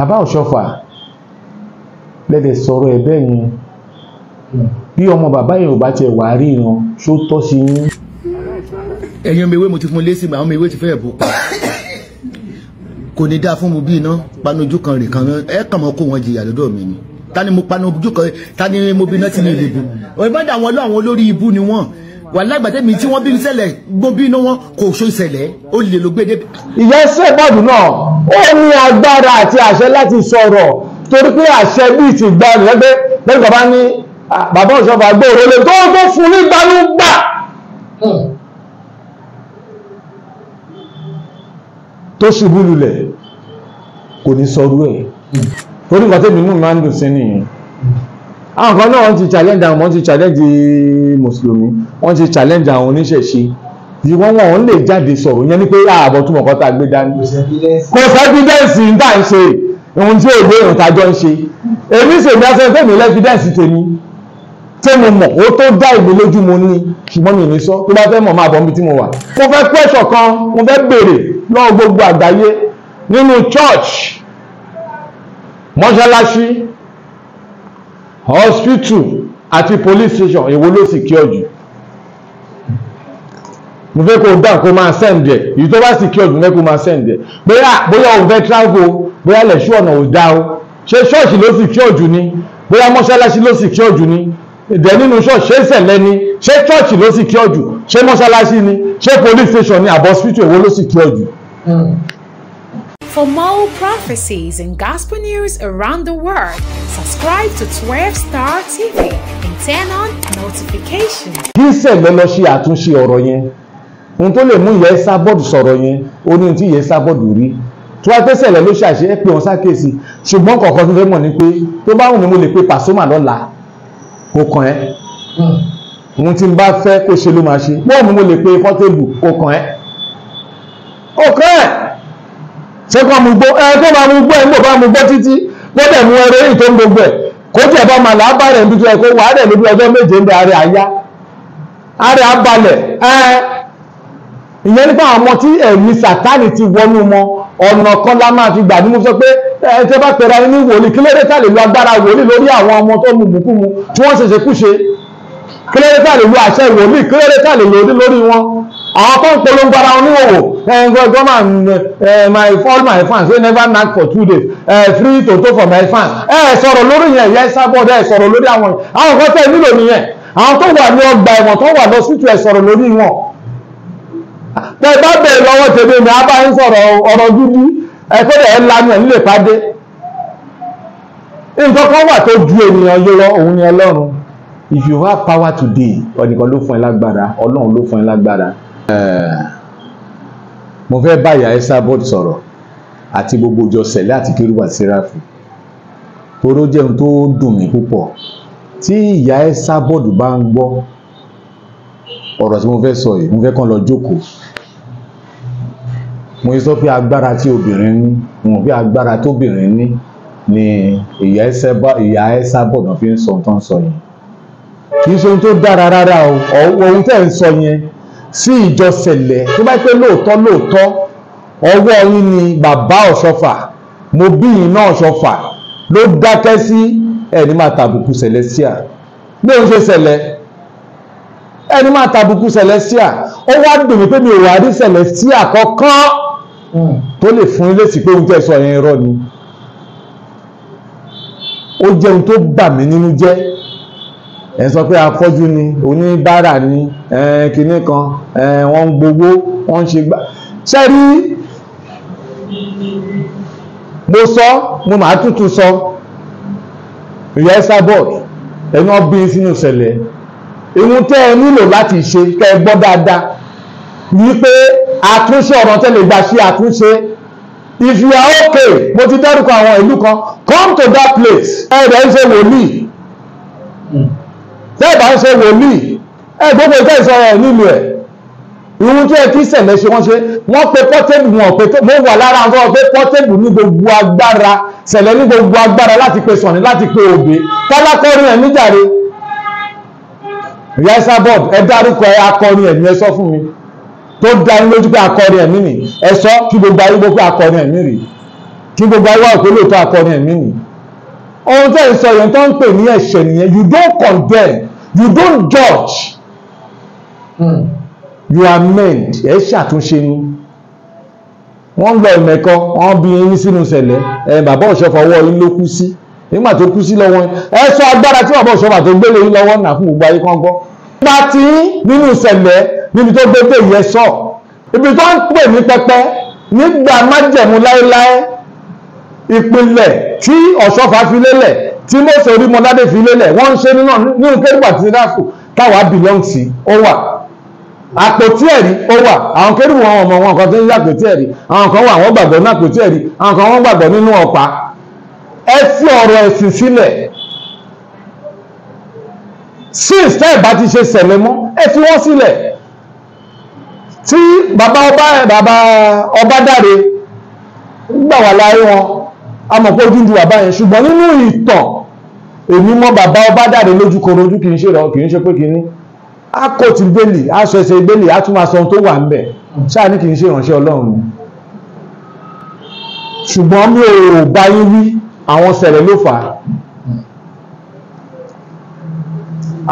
bàbá òṣọfà lẹ́dẹ̀ sọ̀rọ̀ ẹ̀ bẹ́ẹ̀ yẹn bí ọmọ bàbá yẹn ò bá tiẹ̀ wà á rí ìran ṣó tọ́ sí yín. ẹ̀yin ọmọ ewé mo ti fún un lé sí mi àwọn ọmọ ewé ti fẹ́ẹ̀ bò pa kò ní dáa fún mi bí iná panojú kan rè kan ẹ kàn mọ́ kó wọn jìyà lọ́dọ̀ mi ni ta ni mo panojú kan ta ni mo bí iná tí mi lè bù ìbádà wọn lọ àwọn olórí ibú ni wọn wà lágbàtẹ́ mi tí wọ́n bí ṣẹlẹ̀ gbọ́n bí iná wọn kò so ìṣẹ̀lẹ̀ ó lè lọ gbé débi. ìyá ẹsẹ̀ bọ́ọ̀dù náà ó ní agbára àti àṣẹ láti sọ̀rọ̀ torí pé àṣẹ bíi ti gba ìrẹ́gbẹ́ lẹ́yìn bàbá ní bàbá òṣèlú àgbòrò lè tó tó fún ní gbanúgbà hmm. tó ṣubú lulẹ̀ kò ní sọrú ẹ̀ hmm. orí nǹkan tẹ́mi mú máa ń dùn sí nìyẹn àwọn kan náà wọ́n ti challenge àwọn wọ́n ti challenge mùsùlùmí wọ́n ti challenge àwọn oníṣẹ̀ṣe ìwọ́n wọn ò lè jáde sọ̀rọ̀ yẹn ni pé ààbọ̀ túmọ̀ kọ́ta gbé dání kò sẹ́fídẹ́ǹsì ń tà ń ṣe ohun tí èdè ìrùn tàjọ ń ṣe èmi ṣèmi aṣẹ́ni tèmi lẹ́fídẹ́ǹsì tèmi tí mo mọ̀ ó tó dá ìwé lójú mo ní ṣùgbọ́n mi ní sọ tó bá fẹ́ mọ̀ máa bọ̀ níbi tí mo wà. mo fẹ́ pẹ́ṣọ̀ kan mo fẹ́ béèrè lọ́wọ́ gbogbo àgbáyé nínú church mọ́ṣáláṣí hospital àti police station èwo ló sì kí ọ jù mo fẹ́ kó o kó máa send ẹ̀ èyí tó bá secured mo fẹ́ kó máa send ẹ̀ bóyá bóyá òun fẹ́ travel bóyá lẹ̀ṣú ọ̀nà ò dá o ṣé ṣọ́ọ̀ṣì ló secured ni bóyá mọ́ṣáláṣí ló secured ni ìdẹ̀ nínú ṣọ́ọ̀ṣì ṣé ìṣẹ̀lẹ̀ ni ṣé ṣọ́ọ̀ṣì ló secured ṣé mọ́ṣáláṣí ni ṣé police station ni àbọ̀ hospital èwo ló secured For more prophecies and gospel news around the world, subscribe to 12 Star TV and turn on notifications. Kí ìṣẹ̀lẹ̀ lọ ṣe àtúnṣe ọ̀rọ̀ yẹn ohun tó lè mú ìyá ẹsà bọ́ọ̀dù sọ̀rọ̀ yẹn ó ní tí ìyá ẹsà bọ́ọ̀dù rí tó wá pé sẹ̀lẹ̀ ló ṣàṣe ẹ pé wọn ṣàkíyèsí ṣùgbọ́n kọ̀ọ̀kan tó fẹ́ mọ̀ ni pé tó bá wù mí mo lè pe Pasuma lọ́la kò kàn ẹ́ hmm. ohun tí n bá fẹ́ kó ṣe ló máa ṣe bọ́ọ̀ mi mo lè pe Portable kò kàn ẹ́ ó kàn ẹ́ ṣé kàn mú gbó ẹ tó bá mú gbó ẹ ń bò bá mú gbó títí gbọ́dọ̀ mú ẹrẹ èyí tó ń gbogbo ẹ̀ kó jẹ́ bá máa bá rẹ̀ níbi tó kó wàá rẹ̀ lójú ọjọ́ méje ń bẹ ààrẹ àyá ààrẹ àbalẹ̀ ẹ ìyẹn nípa àwọn tí ẹ̀mí sàtánì ti wọnú wọn ọ̀nà kan la máa fi gbà ní mo sọ pé ẹ tẹ́ bá pẹ̀rẹ̀ ayé ní wòlíì kí lóore tàlè lo agbára wòlíì lórí àwọn ọmọ tó mu bùkún mu tí wọ́n ṣẹ̀ṣẹ̀ kú ṣe kí lóore tàlè lo àṣẹ wòlíì kí lóore tàlè lòdì lórí wọn àwọn tó ń polongo ara wọn níwòwò gọ́mà my all my fans wey never knack for two days free to to for my fans ẹ sọ̀rọ̀ lórí yẹn yẹn sábọ̀dọ̀ ẹ sọ̀rọ̀ lórí àwọn àwọn kan tẹ̀ nílò nìyẹn àwọn tó wà ní ọgbà ẹ̀wọ̀n tó wà lọ sí tu ẹ sọ̀rọ̀ lórí wọn tẹ́ bá bẹ̀rẹ̀ lọ́wọ́ tèmi ní a bá ń sọ̀rọ̀ ọ̀rọ̀ gidi ẹ̀kọ́dẹ̀ ẹ̀ lanu ẹ̀ nílé pàdé nǹkan kan wà tó ju ènìyàn yó òun ni ọlọ́run if you have power today ọ̀nìkan ló fún ẹ lágbára ọlọ́run ló fún ẹ lágbára. mo fẹ́ báyà Esabod sọ̀rọ̀ àti gbogbo ìjọ sẹ̀lẹ̀ àti kérúbà séráfù toró jẹun tó dùn mí púpọ̀ tí ìyá Esabod bá ń gbọ́ ọ̀rọ̀ tí mo fẹ́ sọ yìí mo fẹ́ kàn lọ jókòó mo sọ pé agbára tí obìnrin ní mo pé agbára tóbìnrin ní ni ìyá ẹsẹ bọ̀dọ̀ fi ń sọ ohun tó ń sọ yẹn kì í ṣe ohun tó dára rárá o ohun tẹ́ ń sọ yẹn sí ìjọsẹ̀lẹ̀ tó bá pẹ́ lóòótọ́ lóòótọ́ ọwọ́ yín ni bàbá ọ̀ṣọ́fà mo bí yín náà ọ̀ṣọ́fà ló dákẹ́ sí ẹ̀ máa tàbùkù Celestial bí òun ṣe ṣẹlẹ̀ ẹni máa tàbùkù celestia ó wá dùn mí pé mi ò wá rí celestia kankan hmm. tó lè fún ilé sí pé ohun tẹ́ sọ yẹn irọ́ ni ó jẹ́ ohun tó bà mí nínú jẹ́ ẹ sọ pé afọ́jú ni oníbàárà ni kinní kan wọ́n ń gbowó wọ́n ń ṣe gbà ṣẹ́rí mo sọ mo máa tuntun sọ ìyá ẹ́sà ẹni wọ́n bí sínú ìṣẹ̀lẹ̀ ìwọ̀n tẹ́ ẹ nílò láti ṣe kẹ́ ẹ gbọ́ dáadáa wípé àtúnṣe ọ̀rọ̀ tẹ́lẹ̀ gbà ṣe àtúnṣe if you are okay mo ti dárúkọ àwọn ìlú kan come to that place ẹ̀rẹ̀ ń ṣe wòlíì tẹ́ẹ̀bà ń ṣe wòlíì ẹ̀ gbogbo ìtẹ́ ìṣọ́ra ẹ̀ nílùú ẹ̀ ìwọ̀n tó yẹ kí sẹ̀lẹ̀ ṣe wọ́n ṣe wọ́n pe pọ́tẹ́bù wọn pé mo wà lára àwọn ọ̀pẹ pọ́tẹ́bù ní gbogbo agbára sẹ̀lẹ̀ ní gbogbo agbára láti pe sọ̀ní láti pe òbí tálákọ́rin ẹ̀ níjàre Yesabod ẹ dárúkọ ẹ akọrin ẹ̀mí ẹ sọ fún mi tó dá yín lójú pé akọrin ẹ̀mí nì ẹ sọ kí gbogbo ayé gbogbo akọrin ẹ̀mí rì kí gbogbo ayé wà pé lóòótọ́ akọrin ẹ̀mí nì ohun tẹ́ ẹ sọ yẹn tó ń pè ní ẹ̀ṣẹ̀ nìyẹn you don't condemn you don't judge mm. you amend ẹ ṣàtúnṣe ni wọ́n ń lọ ìmẹ̀kọ wọ́n bí yín sínú sẹ̀lẹ̀ ẹ̀ bàbá ọ̀ṣọ́fọ̀ ọwọ́ yín ló kú sí nígbà tó kú sí lọ́wọ́ ẹ sọ agbára tí bàbá ọ̀ṣọ́fọ̀ àti gbélé yín lọ́wọ́ nà fún gbogbo ayé kan gbọ́ pa tí nínú ìṣẹ̀lẹ̀ níbi tó gbé dé yẹ sọ ibi tó ń pè ní pẹpẹ nígbà májẹ̀mú láéláé ìpìlẹ̀ tí ọ̀ṣọ́fà fi lélẹ̀ tí mọ́sọ̀ orí mọ́ládé fi lélẹ̀ wọ́n ń ṣe nínú nínú kẹ́rìgbà tí dáàkù táwa belong sí ó wà àpótí ẹ̀rí ó wà àwọn kẹ́rìgbà wọn ọmọ wọn kan tó ń yá àpótí ẹ̀rí àwọn kan wà wọ́n gbàgbọ́ ní àpótí ẹ̀rí àwọn kan wọ́n gbàgbọ́ nínú ọ̀pá ẹ fi ọ̀rọ̀ ẹ̀sìn sílẹ̀ since tẹ́ ẹ̀ bá ti ṣe sẹ̀mí mọ́ ẹ fi wọ́n sílẹ̀ tí bàbá ọba bàbá ọba dáre gbà wà láyé wọn a mọ̀ pé ojú ń ju bàbá yẹn ṣùgbọ́n nínú ìtàn èmi mọ̀ bàbá ọba dáre lójú korojú kì í ṣe rọ kì í ṣe pé kì í ní a kò tí bẹ́ẹ̀lì a sọ ẹsẹ̀ bẹ́ẹ̀lì a tún máa sọ ohun tó wà ń bẹ̀ ṣáà ní kì í ṣe ìránṣẹ́ ọlọ́run ni ṣùgbọ́n mi ò bá yín wí àwọn sẹ̀rẹ̀ ló fà á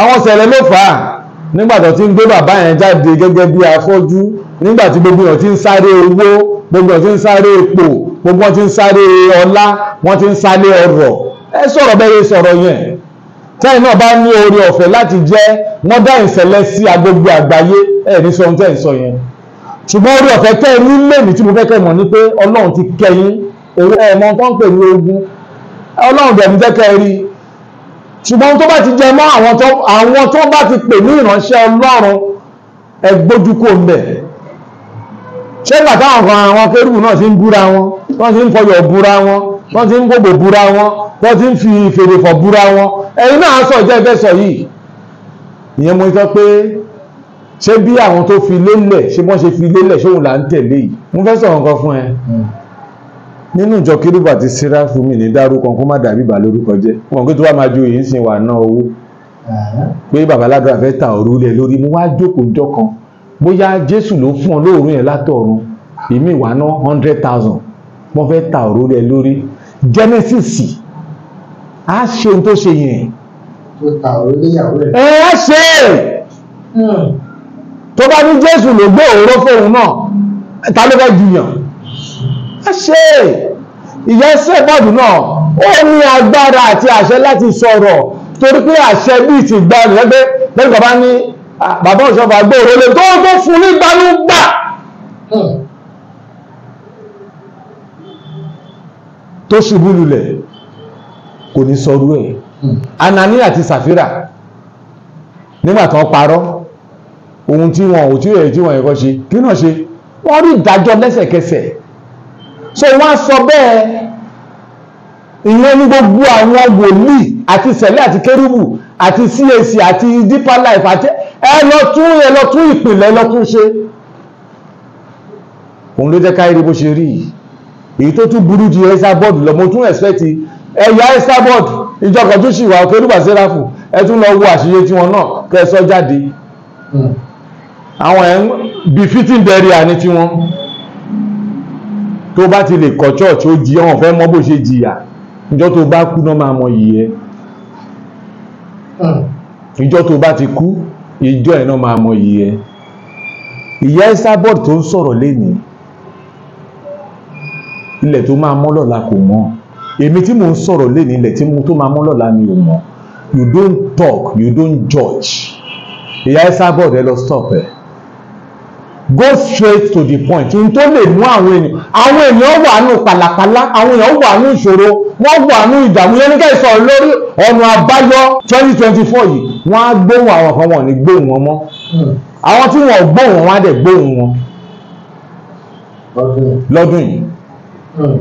àwọn ṣẹlẹ̀ ló fà á nígbà tó ti ń gbé bàbá yẹn jáde gẹ́gẹ́ bí afọ́jú nígbà tí gbogbo èèyàn ti ń sáré owó gbogbo èèyàn ti ń sáré epo gbogbo wọn ti ń sáré ọlá wọn ti ń sáré ọrọ̀ ẹ sọ̀rọ̀ bẹ́ẹ̀ sọ̀rọ̀ yẹn tẹ́yìn náà bá ní oore ọ̀fẹ́ láti jẹ́ wọ́n dá ìṣẹ̀lẹ̀ sí agbègbè àgbáyé ẹ̀ ní sọ tẹ́yìn sọ yẹn ṣùgbọ́n oore ọ̀fẹ́ tẹ́ ẹ ní lèmi tí mo fẹ́ kẹ́ mọ̀ ni pé ọlọ́run ti kẹyìn ẹ̀mọ́ tó ń pè ní ogun ọlọ́run dẹ̀ jẹ́ kẹ́ rí ṣùgbọ́n tó bá ti jẹ mọ́ àwọn tó bá ti pè ní ìránṣẹ́ Ọlọ́run ẹgbójúkò ń bẹ̀ ṣé bàtà àwọn àwọn kérúbù náà ti ń búra wọn wọ́n ti ń fọyọ̀ búra wọn wọ́n ti ń gbogbo búra wọn wọ́n ti ń fi fèrèfọ̀ búra wọn ẹ̀yin náà sọ ìjẹ́ ìfẹ́ sọ yìí ìyẹn mo sọ pé ṣé bí àwọn tó fi lélẹ̀ ṣé wọ́n ṣe fi lélẹ̀ ṣé òun là ń tẹ̀lé yìí mo fẹ́ sọ̀rọ̀ nǹkan fún ẹ nínú ìjọ kérúbù àti séráfù mi ní dárúkọ kó má dàbí bà lórúkọ jẹ́ wọn kí tó wá máa ju yìí ń sin wà ná owó pé babalágbára fẹ́ ta òru lẹ̀ lórí mo wá jókòó jọ kan bóyá jésù ló fún ọ lóòrùn yẹn látọ̀run èmi wà ná hundred thousand wọ́n fẹ́ ta òru lẹ̀ lórí genesis á ṣe ohun tó ṣe yẹn ẹ á ṣe hmm. tó bá ní jésù ló gbé òróró fóun náà ta ló fẹ́ jiyàn ẹ ṣe é ìyẹn sẹ́bọ̀dù náà ó ní agbára àti àṣẹ láti sọ̀rọ̀ torí pé àṣẹ bíi ti gba ẹgbẹ́ lẹ́yìn bàbá ní bàbá òṣèlú àgbòrò lè tó tó fún ní gbanúgbà. Hmm. tó ṣubú lulẹ̀ kò ní sọrú ẹ̀ hmm. Anani àti Safira nígbà tó parọ́ ohun tí wọn ò tí ò yẹ tí wọn yẹ kó ṣe kí náà ṣe wọ́n rí ìdájọ́ lẹ́sẹ̀kẹsẹ̀ so wọ́n sọ bẹ́ẹ̀ ìyẹn ní gbogbo àwọn wòlíì àti sẹ̀lẹ̀ àti kérúbù àti CAC àti deeper life àti ẹ lọ tún ẹ lọ tún ìpìlẹ̀ lọ tún ṣe òun ló jẹ́ káyìí bó ṣe rí èyí tó tún burú ju ẹ́sà bọ́ọ̀dù lọ mo tún ẹ̀sẹ̀tì ẹ̀yà ẹ́sà bọ́ọ̀dù ìjọkọ̀ tó ṣì wà ó kérúbà sẹ́ráfù ẹ tún lọ wo àṣìṣe tiwọn náà kẹ́ jáde hmm. àwọn ẹ̀ bí fitting bẹ̀rẹ̀ àní tiwọn tó bá ti lè kọ́ church ó jìyà wọn fẹ́ mọ̀ bó ṣe jìyà ìjọ tó bá kú náà máa mọ iyì ẹ ìjọ tó bá ti kú ìjọ ẹ̀ náà máa mọ iyì ẹ ìyá Esabod tó ń sọ̀rọ̀ lénìí ilẹ̀ tó máa mọ́ lọ́la kò mọ̀ èmi tí mò ń sọ̀rọ̀ lénìí ilẹ̀ tí mo tó máa mọ́ lọ́la mi ò mọ̀ you don't talk you don't judge ìyá Esabod ẹ lọ stop ẹ. Eh go straight to the point n tó lè mú àwọn ènìyàn àwọn ènìyàn wà nù pàlàpàlà àwọn èèyàn wà nù ìṣòro wọ́n wà nù ìdààmú yẹn nígbà ìsọ̀rọ̀ lórí ọ̀nà àbáyọ twenty twenty four yìí wọ́n á gbóhùn àwọn kan wọ́n ní gbóhùn wọn mọ́ àwọn tí wọ́n gbóhùn wọn á dẹ̀ gbóhùn wọn lọ́dún yìí hmm.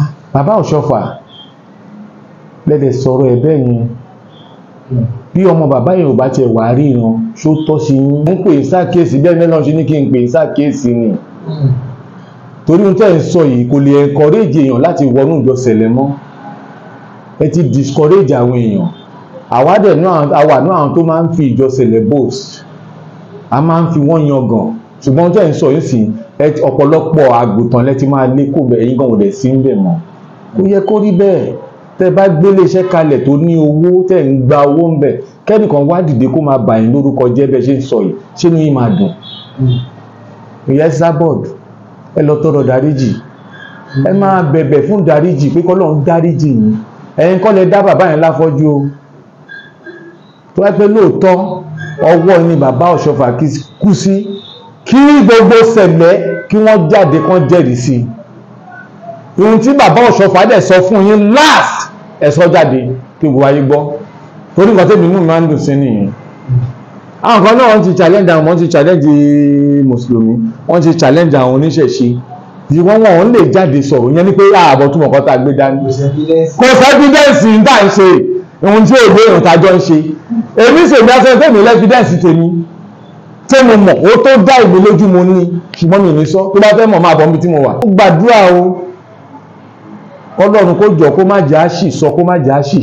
ah, bàbá òṣọfà lẹ́dẹ̀ sọ̀rọ̀ ẹ̀ bẹ́ẹ̀ ni bí ọmọ bàbá yẹn ò bá tiẹ̀ wá rí ìran ṣó tọ́ sí yín ń pè é ṣàkíyèsí bẹ́ẹ̀ mẹ́lọ́ ṣe ní kí n pè é ṣàkíyèsí ni torí ohun tẹ́ ẹ̀ ń sọ yìí kò lè encourage èèyàn láti wọnú ìjọ sẹ̀lẹ̀ mọ́ ẹ ti discourage àwọn èèyàn àwa dẹ̀ àwa náà àwọn tó máa ń fi ìjọ sẹ̀lẹ̀ boast a máa ń fi wọ́n yangàn ṣùgbọ́n ohun tẹ́ ẹ̀ ń sọ yìí sì ọ̀pọ̀lọpọ̀ àgùntàn lẹ́tí máa lé kò bẹ̀ ẹ̀yìn gan-an ò dẹ̀ sí ń mọ́ kò yẹ kó rí bẹ́ẹ̀ tẹ́ bá gbélé iṣẹ́ kalẹ̀ tó ní owó tẹ́ ń gba owó ń bẹ̀ kẹ́nìkan wá dìde kó máa bà lórúkọ jẹ́ bẹ́ẹ̀ ṣe ń sọ yìí ṣé ni yín máa dùn ìyá Esabod ẹ lọ tọrọ dáríjì ẹ máa bẹ̀bẹ̀ fún dáríjì pé kọ́ lọ́n dáríjì yín ẹ̀yin kọ́ lẹ dá bàbá yẹn láfọ́jú o tó wáá pé lóòótọ́ ọwọ́ ni bàbá Ọ̀ṣọ́fà kú sí kí gbogbo ṣẹlẹ̀ kí wọ́n jáde kán jẹ́rìí sí i ohun tí bàbá Ọ̀ṣọ́fà dẹ̀ sọ fún yín last ẹ sọ jáde kí gbogbo ayé gbọ́ torí nǹkan tẹ́mi mú máa ń dùn sí nìyẹn àwọn kan náà wọ́n ti challenge àwọn wọ́n ti challenge mùsùlùmí wọ́n ti challenge àwọn oníṣẹ̀ṣe yìí wọ́n wọ́n lè jáde sọ̀rọ̀ ìyẹn ni pé ààbọ̀ ah, túmọ̀ kan tá a gbé dání kò sẹ́fídẹ́ǹsì ń tà ń ṣe ohun tí èdè ìrùn tàjọ ń ṣe èmi sì dá sẹ́fẹ́ mi lẹ́fídẹ́ǹsì tèmi tí mo mọ̀ ó tó dá ìgbélójú mo ní ṣùgbọ́n mi ò ní sọ tó bá fẹ́ mọ̀ máa bọ̀ níbi tí mo wà. ó gbàdúrà o kọ́lọ́run kó jọ kó má jà á sọ kó má jà á ṣe.